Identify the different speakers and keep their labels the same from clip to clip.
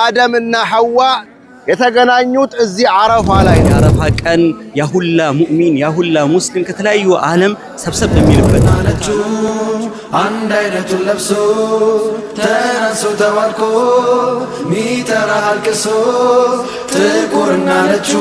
Speaker 1: አደምና ሐዋ የተገናኙት እዚህ አረፋ ላይ
Speaker 2: ነው። የአረፋ ቀን ያሁላ ሙእሚን ያሁላ ሙስሊም ከተለያዩ ዓለም ሰብሰብ የሚልበት
Speaker 3: አነቱ አንድ አይነቱን ለብሶ ተነሶ ተባልኮ ሚጠራ አልቅሶ ጥቁርና ነጩ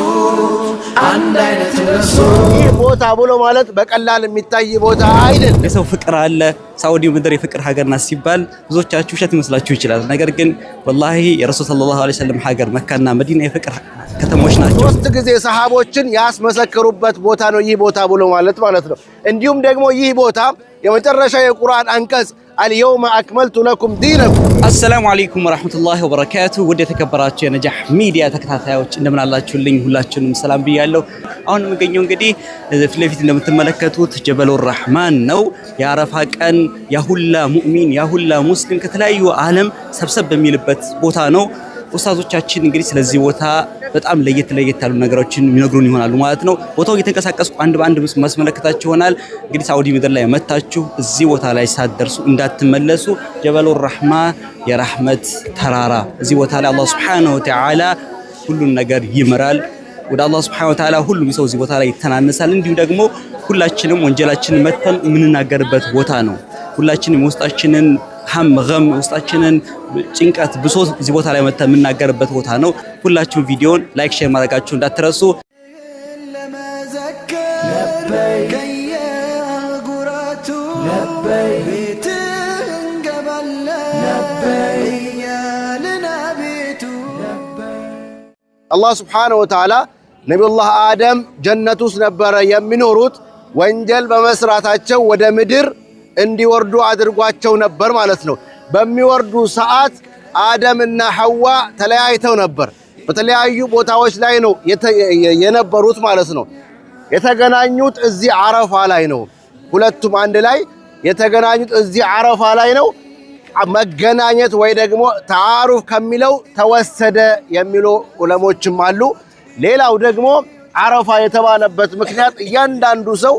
Speaker 3: አንድ አይነት ለብሶ
Speaker 1: ይህ ቦታ ብሎ ማለት በቀላል የሚታይ ቦታ አይደል።
Speaker 2: የሰው ፍቅር አለ ሳውዲ ምድር የፍቅር ሀገር ናት ሲባል ብዙዎቻችሁ ውሸት ይመስላችሁ ይችላል። ነገር ግን ወላሂ የረሱል ሰለላሁ ዐለይሂ ወሰለም ሀገር መካና መዲና የፍቅር ከተሞች ናቸው።
Speaker 1: ሶስት ጊዜ ሰሃቦችን ያስመሰከሩበት ቦታ ነው ይህ ቦታ ብሎ ማለት ማለት ነው። እንዲሁም ደግሞ ይህ ቦታ የመጨረሻ የቁርአን አንቀጽ አልየውመ አክመልቱ ለኩም ዲነኩም።
Speaker 2: አሰላሙ አለይኩም ወራህመቱላሂ ወበረካቱ። ውድ የተከበራችሁ የነጃህ ሚዲያ ተከታታዮች እንደምን አላችሁልኝ? ሁላችሁንም ሰላም ብያለሁ። አሁን የምገኘው እንግዲህ ፊት ለፊት እንደምትመለከቱት ጀበሉ ራህማን ነው። የአረፋ ቀን ያሁላ ሙእሚን ያሁላ ሙስሊም ከተለያዩ ዓለም ሰብሰብ በሚልበት ቦታ ነው። ኡስታዞቻችን እንግዲህ ስለዚህ ቦታ በጣም ለየት ለየት ያሉ ነገሮችን የሚነግሩን ይሆናሉ ማለት ነው። ቦታው እየተንቀሳቀስኩ አንድ በአንድ ማስመለከታችሁ ይሆናል። እንግዲህ ሳውዲ ምድር ላይ መታችሁ እዚህ ቦታ ላይ ሳትደርሱ እንዳትመለሱ። ጀበሉ ራህማ የራህመት ተራራ፣ እዚህ ቦታ ላይ አላህ ሱብሓነሁ ወተዓላ ሁሉን ነገር ይምራል። ወደ አላህ ሱብሓነሁ ወተዓላ ሁሉም ሰው እዚህ ቦታ ላይ ይተናነሳል። እንዲሁም ደግሞ ሁላችንም ወንጀላችንን መተን የምንናገርበት ቦታ ነው። ሁላችንም ውስጣችንን ሀም ገም ውስጣችንን ጭንቀት፣ ብሶት እዚህ ቦታ ላይ መጥተን የምናገርበት ቦታ ነው። ሁላችሁም ቪዲዮን ላይክ፣ ሼር ማድረጋችሁ እንዳትረሱ።
Speaker 1: አላህ ስብሓነሁ ወተዓላ ነቢዩላህ አደም ጀነት ውስጥ ነበረ የሚኖሩት ወንጀል በመስራታቸው ወደ ምድር እንዲወርዱ አድርጓቸው ነበር ማለት ነው። በሚወርዱ ሰዓት አደምና ሐዋ ተለያይተው ነበር። በተለያዩ ቦታዎች ላይ ነው የነበሩት ማለት ነው። የተገናኙት እዚህ አረፋ ላይ ነው። ሁለቱም አንድ ላይ የተገናኙት እዚህ አረፋ ላይ ነው። መገናኘት ወይ ደግሞ ተዓሩፍ ከሚለው ተወሰደ የሚሉ ዑለሞችም አሉ። ሌላው ደግሞ አረፋ የተባለበት ምክንያት እያንዳንዱ ሰው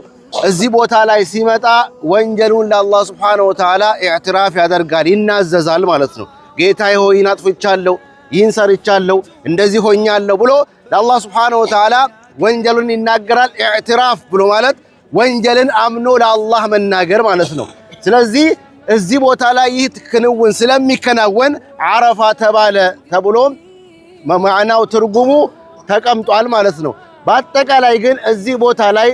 Speaker 1: እዚህ ቦታ ላይ ሲመጣ ወንጀሉን ለአላህ ሱብሓነሁ ወተዓላ ኢዕትራፍ ያደርጋል፣ ይናዘዛል ማለት ነው። ጌታ ይሆይ ይህን አጥፍቻለሁ፣ ይህን ሰርቻለሁ፣ እንደዚህ ሆኛለሁ ብሎ ለአላህ ሱብሓነሁ ወተዓላ ወንጀሉን ይናገራል። ኢዕትራፍ ብሎ ማለት ወንጀልን አምኖ ለአላህ መናገር ማለት ነው። ስለዚህ እዚህ ቦታ ላይ ይህ ክንውን ስለሚከናወን ዓረፋ ተባለ ተብሎ መማዕናው ትርጉሙ ተቀምጧል ማለት ነው። በአጠቃላይ ግን እዚህ ቦታ ላይ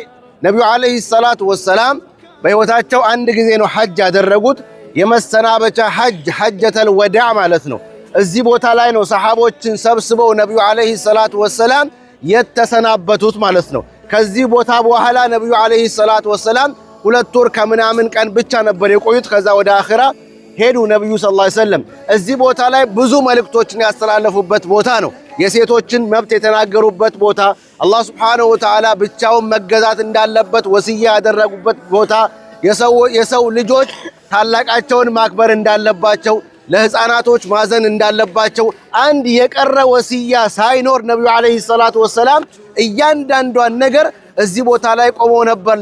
Speaker 1: ነቢዩ ዓለይሂ ሰላቱ ወሰላም በሕይወታቸው አንድ ጊዜ ነው ሐጅ ያደረጉት። የመሰናበቻ ሐጅ ሐጀተል ወዳዕ ማለት ነው። እዚህ ቦታ ላይ ነው ሰሓቦችን ሰብስበው ነቢዩ ዓለይሂ ሰላቱ ወሰላም የተሰናበቱት ማለት ነው። ከዚህ ቦታ በኋላ ነቢዩ ዓለይሂ ሰላቱ ወሰላም ሁለት ወር ከምናምን ቀን ብቻ ነበር የቆዩት። ከዛ ወደ አኺራ ሄዱ። ነቢዩ ሰለላሁ ዐለይሂ ወሰለም እዚህ ቦታ ላይ ብዙ መልእክቶችን ያስተላለፉበት ቦታ ነው። የሴቶችን መብት የተናገሩበት ቦታ፣ አላህ ስብሓነሁ ወተዓላ ብቻውን መገዛት እንዳለበት ወስያ ያደረጉበት ቦታ፣ የሰው ልጆች ታላቃቸውን ማክበር እንዳለባቸው፣ ለህፃናቶች ማዘን እንዳለባቸው አንድ የቀረ ወስያ ሳይኖር ነቢዩ ዓለይሂ ሰላቱ ወሰላም እያንዳንዷን ነገር እዚህ ቦታ ላይ ቆመው ነበር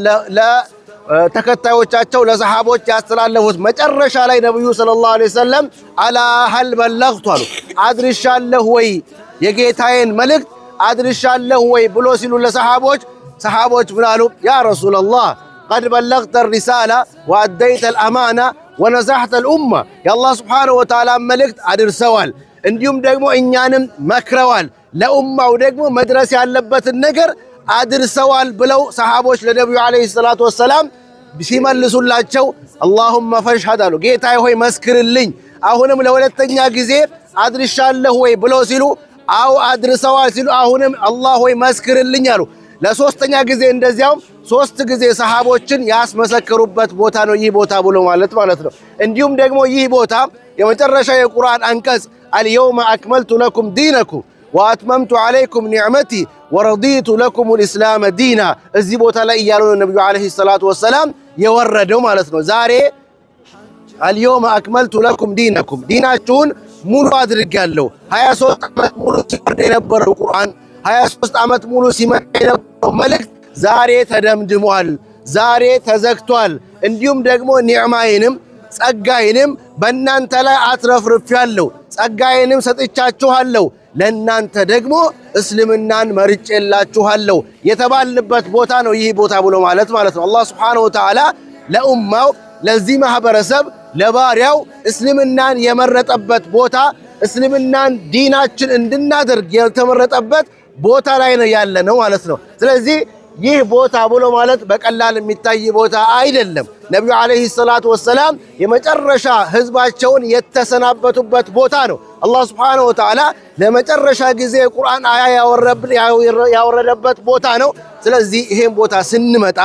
Speaker 1: ተከታዮቻቸው ለሰሃቦች ያስተላለፉት። መጨረሻ ላይ ነብዩ ሰለላሁ ዐለይሂ ወሰለም አላ ሀል በለግቱ አሉ አድርሻለሁ ወይ የጌታዬን መልእክት አድርሻለሁ ወይ ብሎ ሲሉ ለሰሓቦች ሰሓቦች ምናሉ ያ ረሱላላህ ቀድ በለግተ ሪሳላ ወአደይተ ልአማና ወነዛሕተ ልኡማ የአላህ ስብሓነሁ ወተዓላ መልእክት አድርሰዋል፣ እንዲሁም ደግሞ እኛንም መክረዋል፣ ለኡማው ደግሞ መድረስ ያለበትን ነገር አድርሰዋል ብለው ሰሓቦች ለነቢዩ ዓለይሂ ሰላቱ ወሰላም ሲመልሱላቸው አላሁመ ፈሽሀድ አሉ። ጌታዬ ሆይ መስክርልኝ። አሁንም ለሁለተኛ ጊዜ አድርሻለሁ ወይ ብለው ሲሉ አው አድርሰዋል ሲሉ አሁንም አላህ ሆይ መስክርልኝ አሉ። ለሶስተኛ ጊዜ እንደዚያውም ሶስት ጊዜ ሰሃቦችን ያስመሰከሩበት ቦታ ነው ይህ ቦታ ብሎ ማለት ማለት ነው። እንዲሁም ደግሞ ይህ ቦታ የመጨረሻ የቁርአን አንቀጽ አልየውመ አክመልቱ ለኩም ዲነኩም ወአትመምቱ አለይኩም ኒዕመቲ ወረዲቱ ለኩም ልእስላመ ዲና እዚህ ቦታ ላይ እያሉ ነው ነቢዩ ዓለይሂ ሰላቱ ወሰላም የወረደው ማለት ነው። ዛሬ አልየውመ አክመልቱ ለኩም ዲነኩም ዲናችሁን ሙሉ አድርጌያለሁ። 23 ዓመት ሙሉ ሲወርድ የነበረው ቁርአን 23 ዓመት ሙሉ ሲመጣ የነበረው መልእክት ዛሬ ተደምድሟል፣ ዛሬ ተዘግቷል። እንዲሁም ደግሞ ኒዕማዬንም ጸጋዬንም በእናንተ ላይ አትረፍርፌያለሁ፣ ጸጋዬንም ሰጥቻችኋለሁ ለእናንተ ደግሞ እስልምናን መርጬላችኋለሁ የተባልንበት ቦታ ነው ይህ ቦታ ብሎ ማለት ማለት ነው። አላህ ሱብሓነሁ ወተዓላ ለኡማው ለዚህ ማህበረሰብ ለባሪያው እስልምናን የመረጠበት ቦታ እስልምናን ዲናችን እንድናደርግ የተመረጠበት ቦታ ላይ ነው ያለ ነው ማለት ነው። ስለዚህ ይህ ቦታ ብሎ ማለት በቀላል የሚታይ ቦታ አይደለም። ነቢዩ ዓለይሂ ሰላቱ ወሰላም የመጨረሻ ህዝባቸውን የተሰናበቱበት ቦታ ነው። አላህ ስብሓነሁ ወተዓላ ለመጨረሻ ጊዜ ቁርአን አያ ያወረደበት ቦታ ነው። ስለዚህ ይህም ቦታ ስንመጣ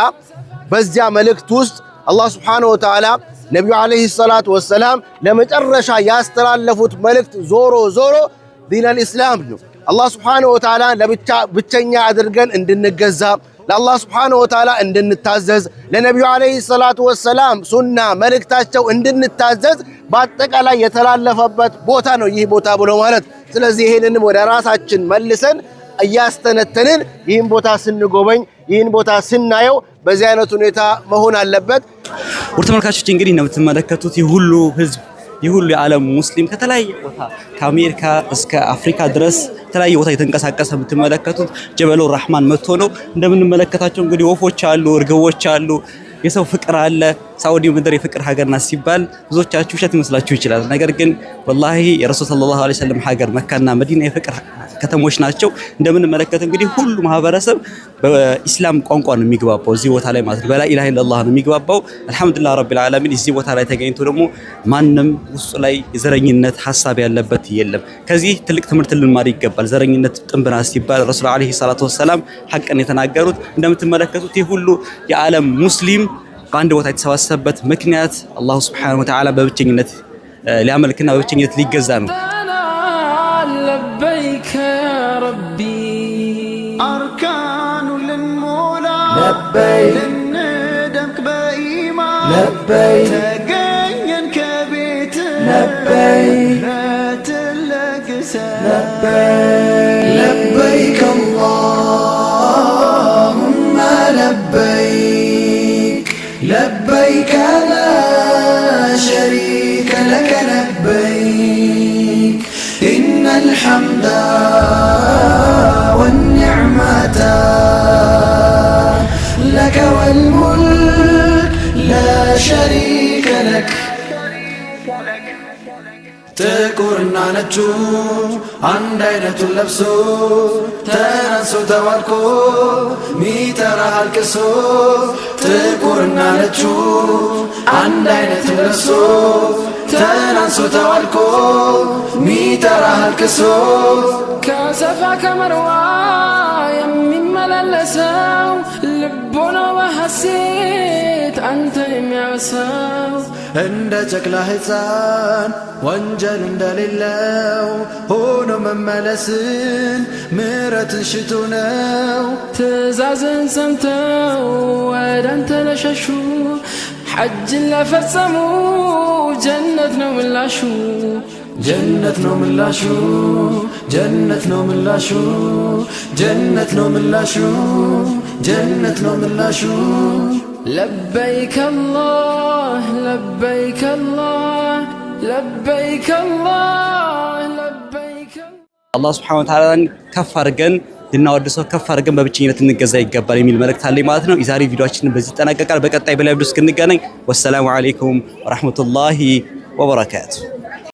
Speaker 1: በዚያ መልእክት ውስጥ አላህ ስብሓነሁ ወተዓላ ነቢዩ ዓለይሂ ሰላት ወሰላም ለመጨረሻ ያስተላለፉት መልእክት ዞሮ ዞሮ ዲነል ኢስላም ነው። አላህ ስብሓነሁ ወተዓላ ለብቻ ብቸኛ አድርገን እንድንገዛ ለአላህ ስብሓነሁ ወተዓላ እንድንታዘዝ ለነቢዩ ዓለይሂ ሰላቱ ወሰላም ሱና መልእክታቸው እንድንታዘዝ በአጠቃላይ የተላለፈበት ቦታ ነው ይህ ቦታ ብሎ ማለት። ስለዚህ ይህንንም ወደ ራሳችን መልሰን እያስተነተንን ይህን ቦታ ስንጎበኝ ይህን ቦታ ስናየው በዚህ አይነት ሁኔታ መሆን አለበት።
Speaker 2: ውድ ተመልካቾች እንግዲህ እንደምትመለከቱት የሁሉ ህዝብ የሁሉ የዓለም ሙስሊም ከተለያየ ቦታ ከአሜሪካ እስከ አፍሪካ ድረስ የተለያየ ቦታ የተንቀሳቀሰ የምትመለከቱት ጀበሎ ራህማን መጥቶ ነው። እንደምንመለከታቸው እንግዲህ ወፎች አሉ፣ እርግቦች አሉ፣ የሰው ፍቅር አለ። ሳዑዲ ምድር የፍቅር ሀገር ናት ሲባል ብዙዎቻችሁ ውሸት ይመስላችሁ ይችላል። ነገር ግን ወላሂ የረሱል ሰለላሁ ዐለይሂ ወሰለም ሀገር መካና መዲና የፍቅር ከተሞች ናቸው። እንደምንመለከት እንግዲህ ሁሉ ማህበረሰብ በኢስላም ቋንቋ ነው የሚግባባው እዚህ ቦታ ላይ ማለት ነው። በላ ኢላሀ ኢለላህ ነው የሚግባባው። አልሐምዱሊላህ ረቢል ዓለሚን እዚህ ቦታ ላይ ተገኝቶ ደግሞ ማንም ውስጡ ላይ ዘረኝነት ሀሳብ ያለበት የለም። ከዚህ ትልቅ ትምህርት ልንማር ይገባል። ዘረኝነት ጥንብና ሲባል ረሱል ዓለይሂ ሰላቱ ወሰላም ሐቅን የተናገሩት እንደምትመለከቱት ይህ ሁሉ የዓለም ሙስሊም በአንድ ቦታ የተሰባሰበበት ምክንያት አላሁ ስብሓነሁ ወተዓላ በብቸኝነት ሊያመልክና በብቸኝነት ሊገዛ
Speaker 3: ነው። لبيك يا ربي أركان للمولى لبيك لندمك بإيمان لبيك تقين كبيت لبيك لا تلقسى لبيك ሆነች አንድ አይነቱን ለብሶ ተነሶ ተዋልቆ ሚጠራ አልቅሶ ጥቁርና ነጩ አንድ አይነቱን ለብሶ ተናንሶ ተዋልቆ ሚጠራ አልቅሶ ከሰፋ ከመርዋ የሚመላለሰው ልቦና በሐሴ أنت يمعساو عند تكلا حسان وانجل عند لله هونو مملسين ميرة شتوناو تزازن سمتاو وعد أنت لششو حج لا فسمو جنة نوم اللاشو جنة نوم اللاشو جنة نوم اللاشو جنة نوم اللاشو جنة نوم اللاشو لبيك الله لبيك الله لبيك الله لبيك
Speaker 2: አላህ ሱብሓነሁ ወተዓላን ከፍ አድርገን ልናወድሰው ከፍ አድርገን በብቸኝነት እንገዛ ይገባል የሚል መልእክት አለኝ ማለት ነው። የዛሬ ቪዲዮአችንን በዚህ ይጠናቀቃል። በቀጣይ በላይቭ እስክንገናኝ ወሰላሙ አለይኩም ወራህመቱላሂ ወበረካቱ።